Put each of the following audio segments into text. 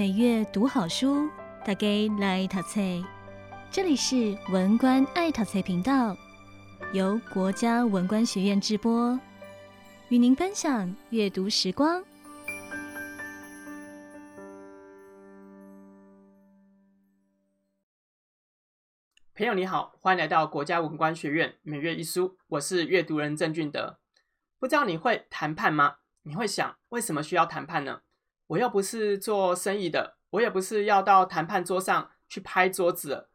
每月讀好書，大家來淘菜。這裡是文官愛淘菜頻道，由國家文官學院直播，與您分享閱讀時光。朋友你好，歡迎來到國家文官學院每月一書，我是閱讀人鄭俊德。不知道你會談判嗎？你會想，為什麼需要談判呢？我又不是做生意的，我也不是要到談判桌上去拍桌子了，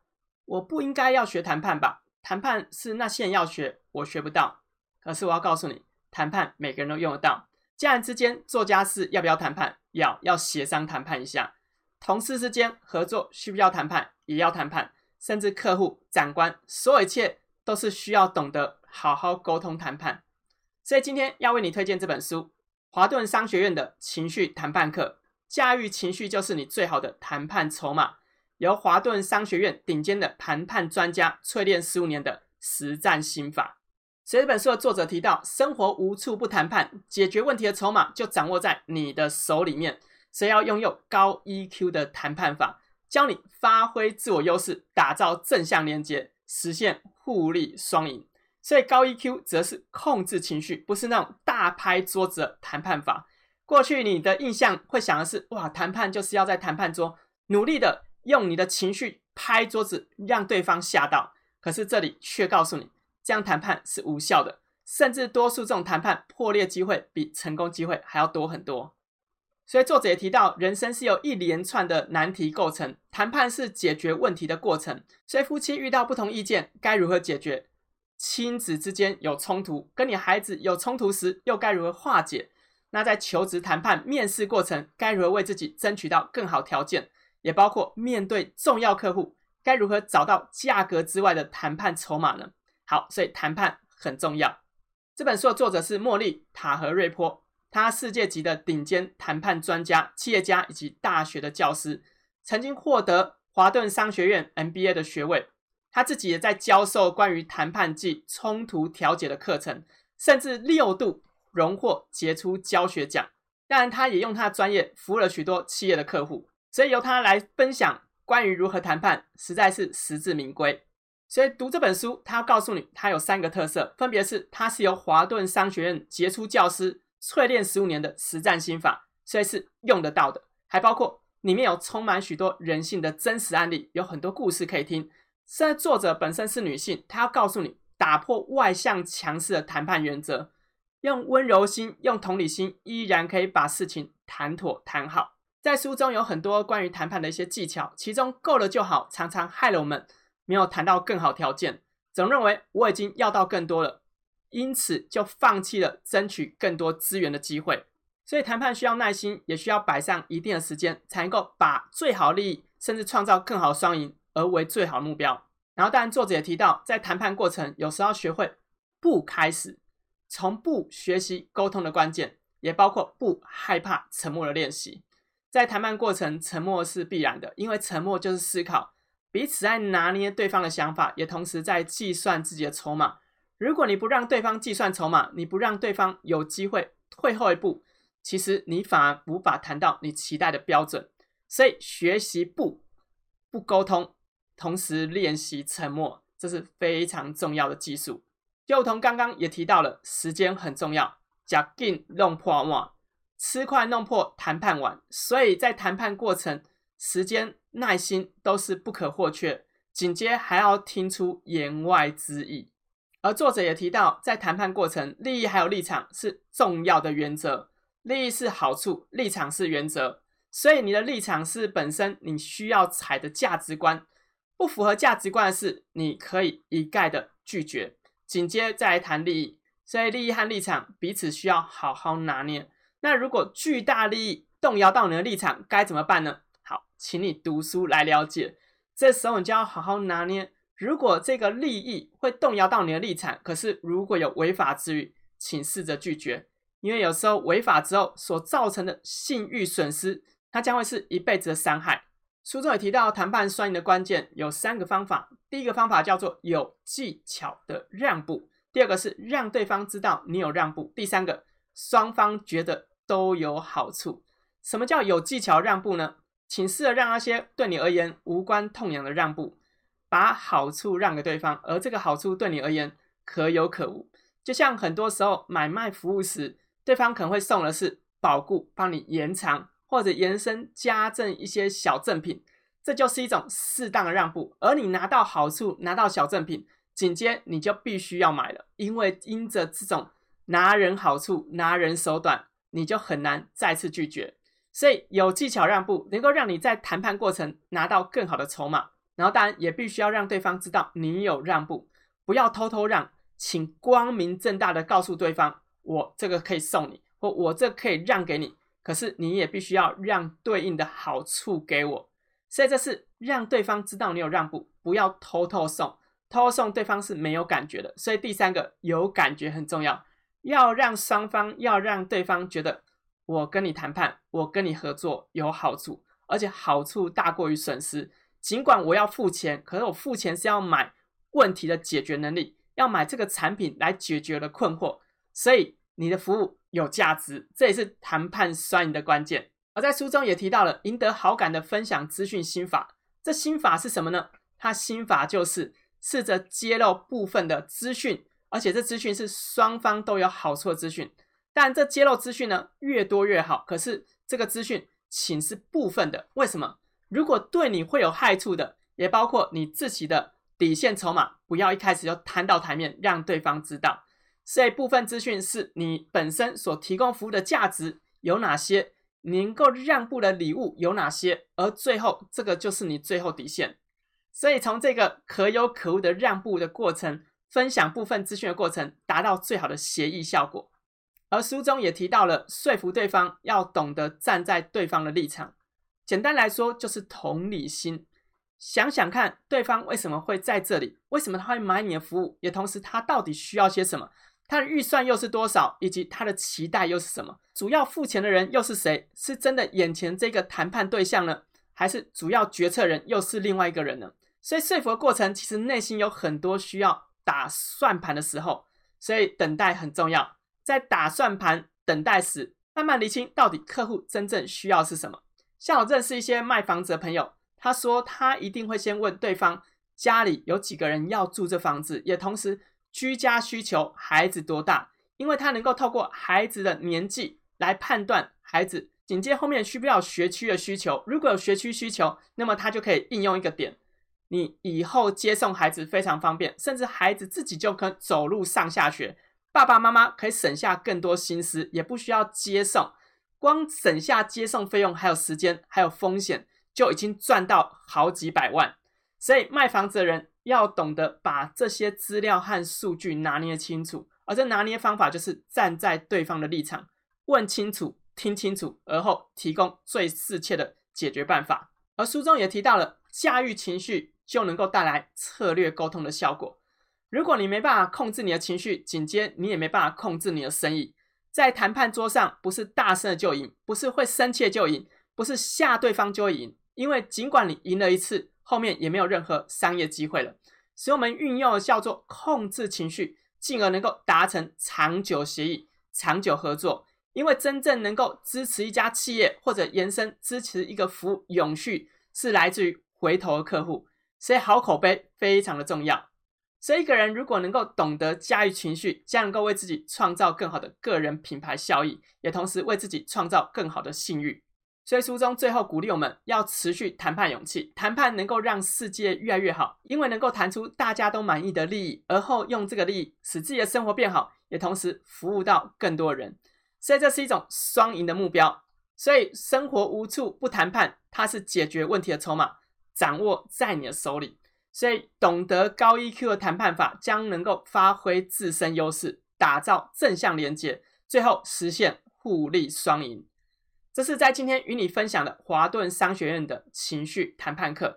我不應該要學談判吧？談判是那些人要學，我學不到。可是我要告訴你，談判每個人都用得到。家人之間做家事要不要談判？要，要協商談判一下。同事之間合作需不需要談判？也要談判。甚至客戶、長官，所有一切都是需要懂得好好溝通談判。所以今天要為你推薦這本書。華頓商學院的情緒談判課，駕馭情緒就是你最好的談判籌碼。由華頓商學院頂尖的談判專家淬煉十五年的實戰心法。這本書的作者提到，生活無處不談判，解決問題的籌碼就掌握在你的手裡面。只要擁有高 EQ 的談判法，教你發揮自我優勢，打造正向連結，實現互利雙贏。所以高 EQ 則是控制情緒，不是那種大拍桌子的談判法。過去你的印象會想的是，哇，談判就是要在談判桌努力的用你的情緒拍桌子，讓對方嚇到。可是這裡卻告訴你，這樣談判是無效的，甚至多數這種談判破裂機會比成功機會還要多很多。所以作者也提到，人生是由一連串的難題構成，談判是解決問題的過程。所以夫妻遇到不同意見，該如何解決？親子之間有衝突，跟你孩子有衝突時，又該如何化解？那在求職談判、面試過程，該如何為自己爭取到更好條件？也包括面對重要客戶，該如何找到價格之外的談判籌碼呢？好，所以談判很重要。這本書的作者是莫莉·塔和瑞波，他世界級的頂尖談判專家、企業家以及大學的教師，曾經獲得華頓商學院 MBA 的學位。他自己也在教授關於談判及衝突調解的課程，甚至六度榮獲傑出教學獎。當然，他也用他的專業服務了許多企業的客戶，所以由他來分享關於如何談判，實在是實至名歸。所以讀這本書，他告訴你，他有三個特色，分別是：他是由華頓商學院傑出教師淬煉十五年的實戰心法，所以是用得到的；還包括裡面有充滿許多人性的真實案例，有很多故事可以聽。這作者本身是女性，她要告訴你，打破外向強勢的談判原則，用溫柔心、用同理心，依然可以把事情談妥談好。在書中有很多關於談判的一些技巧，其中“夠了就好”常常害了我們，沒有談到更好條件，總認為我已經要到更多了，因此就放棄了爭取更多資源的機會。所以談判需要耐心，也需要擺上一定的時間，才能夠把最好利益，甚至創造更好雙贏。而為最好的目標。然後，當然，作者也提到，在談判過程，有時候要學會不開始，從不學習溝通的關鍵，也包括不害怕沉默的練習。在談判過程，沉默是必然的，因為沉默就是思考，彼此在拿捏對方的想法，也同時在計算自己的籌碼。如果你不讓對方計算籌碼，你不讓對方有機會退後一步，其實你反而無法談到你期待的標準。所以，學習不不溝通。同時練習沉默，這是非常重要的技術。就如同剛剛也提到了，時間很重要，吃緊弄破碗，吃快弄破談判碗。所以在談判過程，時間、耐心都是不可或缺。緊接還要聽出言外之意。而作者也提到，在談判過程，利益還有立場是重要的原則。利益是好處，立場是原則。所以你的立場是本身你需要踩的價值觀。不符合價值觀的事，你可以一概的拒絕。緊接再來談利益，所以利益和立場彼此需要好好拿捏。那如果巨大利益動搖到你的立場，該怎麼辦呢？好，請你讀書來了解。這時候你就要好好拿捏。如果這個利益會動搖到你的立場，可是如果有違法之虞，請試着拒絕，因為有時候違法之後所造成的信譽損失，它將會是一輩子的傷害。書中也提到，談判雙贏的關鍵有三個方法。第一個方法叫做有技巧的讓步，第二個是讓對方知道你有讓步，第三個雙方覺得都有好處。什麼叫有技巧讓步呢？請試着讓那些對你而言無關痛癢的讓步，把好處讓給對方，而這個好處對你而言可有可無。就像很多時候買賣服務時，對方可能會送的是保固，幫你延長。或者延伸加贈一些小贈品，這就是一種適當的讓步。而你拿到好處，拿到小贈品，緊接你就必須要買了，因為因着這種拿人好處，拿人手短，你就很難再次拒絕。所以有技巧讓步，能夠讓你在談判過程拿到更好的籌碼。然後當然也必須要讓對方知道你有讓步，不要偷偷讓，請光明正大的告訴對方，我這個可以送你，或我這個可以讓給你。可是你也必須要讓對應的好處給我，所以這是讓對方知道你有讓步，不要偷偷送，偷送對方是沒有感覺的。所以第三個有感覺很重要，要讓雙方要讓對方覺得我跟你談判，我跟你合作有好處，而且好處大過於損失。盡管我要付錢，可是我付錢是要買問題的解決能力，要買這個產品來解決的困惑，所以。你的服務有價值，這也是談判雙贏的關鍵。而在書中也提到了贏得好感的分享資訊心法。這心法是什麼呢？它心法就是試着揭露部分的資訊，而且這資訊是雙方都有好處的資訊。但這揭露資訊呢，越多越好。可是這個資訊僅是部分的。為什麼？如果對你會有害處的，也包括你自己的底線籌碼，不要一開始就攤到台面，讓對方知道。所以，部分資訊是你本身所提供服務的價值有哪些？你能夠讓步的禮物有哪些？而最後，這個就是你最後底線。所以，從這個可有可無的讓步的過程，分享部分資訊的過程，達到最好的協議效果。而書中也提到了，說服對方要懂得站在對方的立場。簡單來說，就是同理心。想想看，對方為什麼會在這裡？為什麼他會買你的服務？也同時，他到底需要些什麼？他的預算又是多少，以及他的期待又是什麼？主要付錢的人又是誰？是真的眼前這個談判對象呢，還是主要決策人又是另外一個人呢？所以說服的過程其實內心有很多需要打算盤的時候，所以等待很重要，在打算盤等待時，慢慢釐清到底客戶真正需要是什麼。像我認識一些賣房子的朋友，他說他一定會先問對方家裡有幾個人要住這房子，也同時。居家需求，孩子多大？因為他能夠透過孩子的年紀來判斷孩子。緊接後面需不需要學區的需求？如果有學區需求，那麼他就可以應用一個點，你以後接送孩子非常方便，甚至孩子自己就可以走路上下學，爸爸媽媽可以省下更多心思，也不需要接送，光省下接送費用，還有時間，還有風險，就已經賺到好幾百萬。所以賣房子的人要懂得把這些資料和數據拿捏清楚，而這拿捏方法就是站在對方的立場，問清楚、聽清楚，而後提供最適切的解決辦法。而書中也提到了，駕馭情緒就能夠帶來策略溝通的效果。如果你沒辦法控制你的情緒，緊接你也沒辦法控制你的生意。在談判桌上，不是大聲的就贏，不是會生氣就贏，不是嚇對方就贏，因為儘管你贏了一次。後面也沒有任何商業機會了，所以我們運用的叫做控制情緒，進而能夠達成長久協議、長久合作。因為真正能夠支持一家企業或者延伸支持一個服務永續，是來自於回頭的客戶，所以好口碑非常的重要。所以一個人如果能夠懂得駕馭情緒，將能夠為自己創造更好的個人品牌效益，也同時為自己創造更好的信譽。所以書中最後鼓勵我們要持續談判勇氣，談判能夠讓世界越來越好，因為能夠談出大家都滿意的利益，而後用這個利益使自己的生活變好，也同時服務到更多人，所以這是一種雙贏的目標。所以生活無處不談判，它是解決問題的籌碼，掌握在你的手裡。所以懂得高 EQ 的談判法，將能夠發揮自身優勢，打造正向連接，最後實現互利雙贏。這是在今天與你分享的華頓商學院的情緒談判課，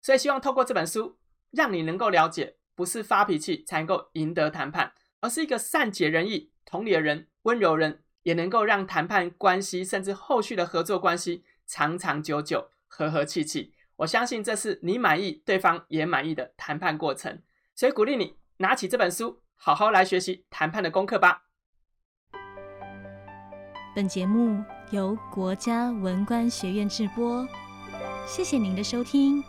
所以希望透過這本書，讓你能夠了解，不是發脾氣才能夠贏得談判，而是一個善解人意、同理的人、溫柔人，也能夠讓談判關係，甚至後續的合作關係，長長久久、和和氣氣。我相信這是你滿意、對方也滿意的談判過程，所以鼓勵你拿起這本書，好好來學習談判的功課吧。本節目。由國家文官學院製播，謝謝您的收聽。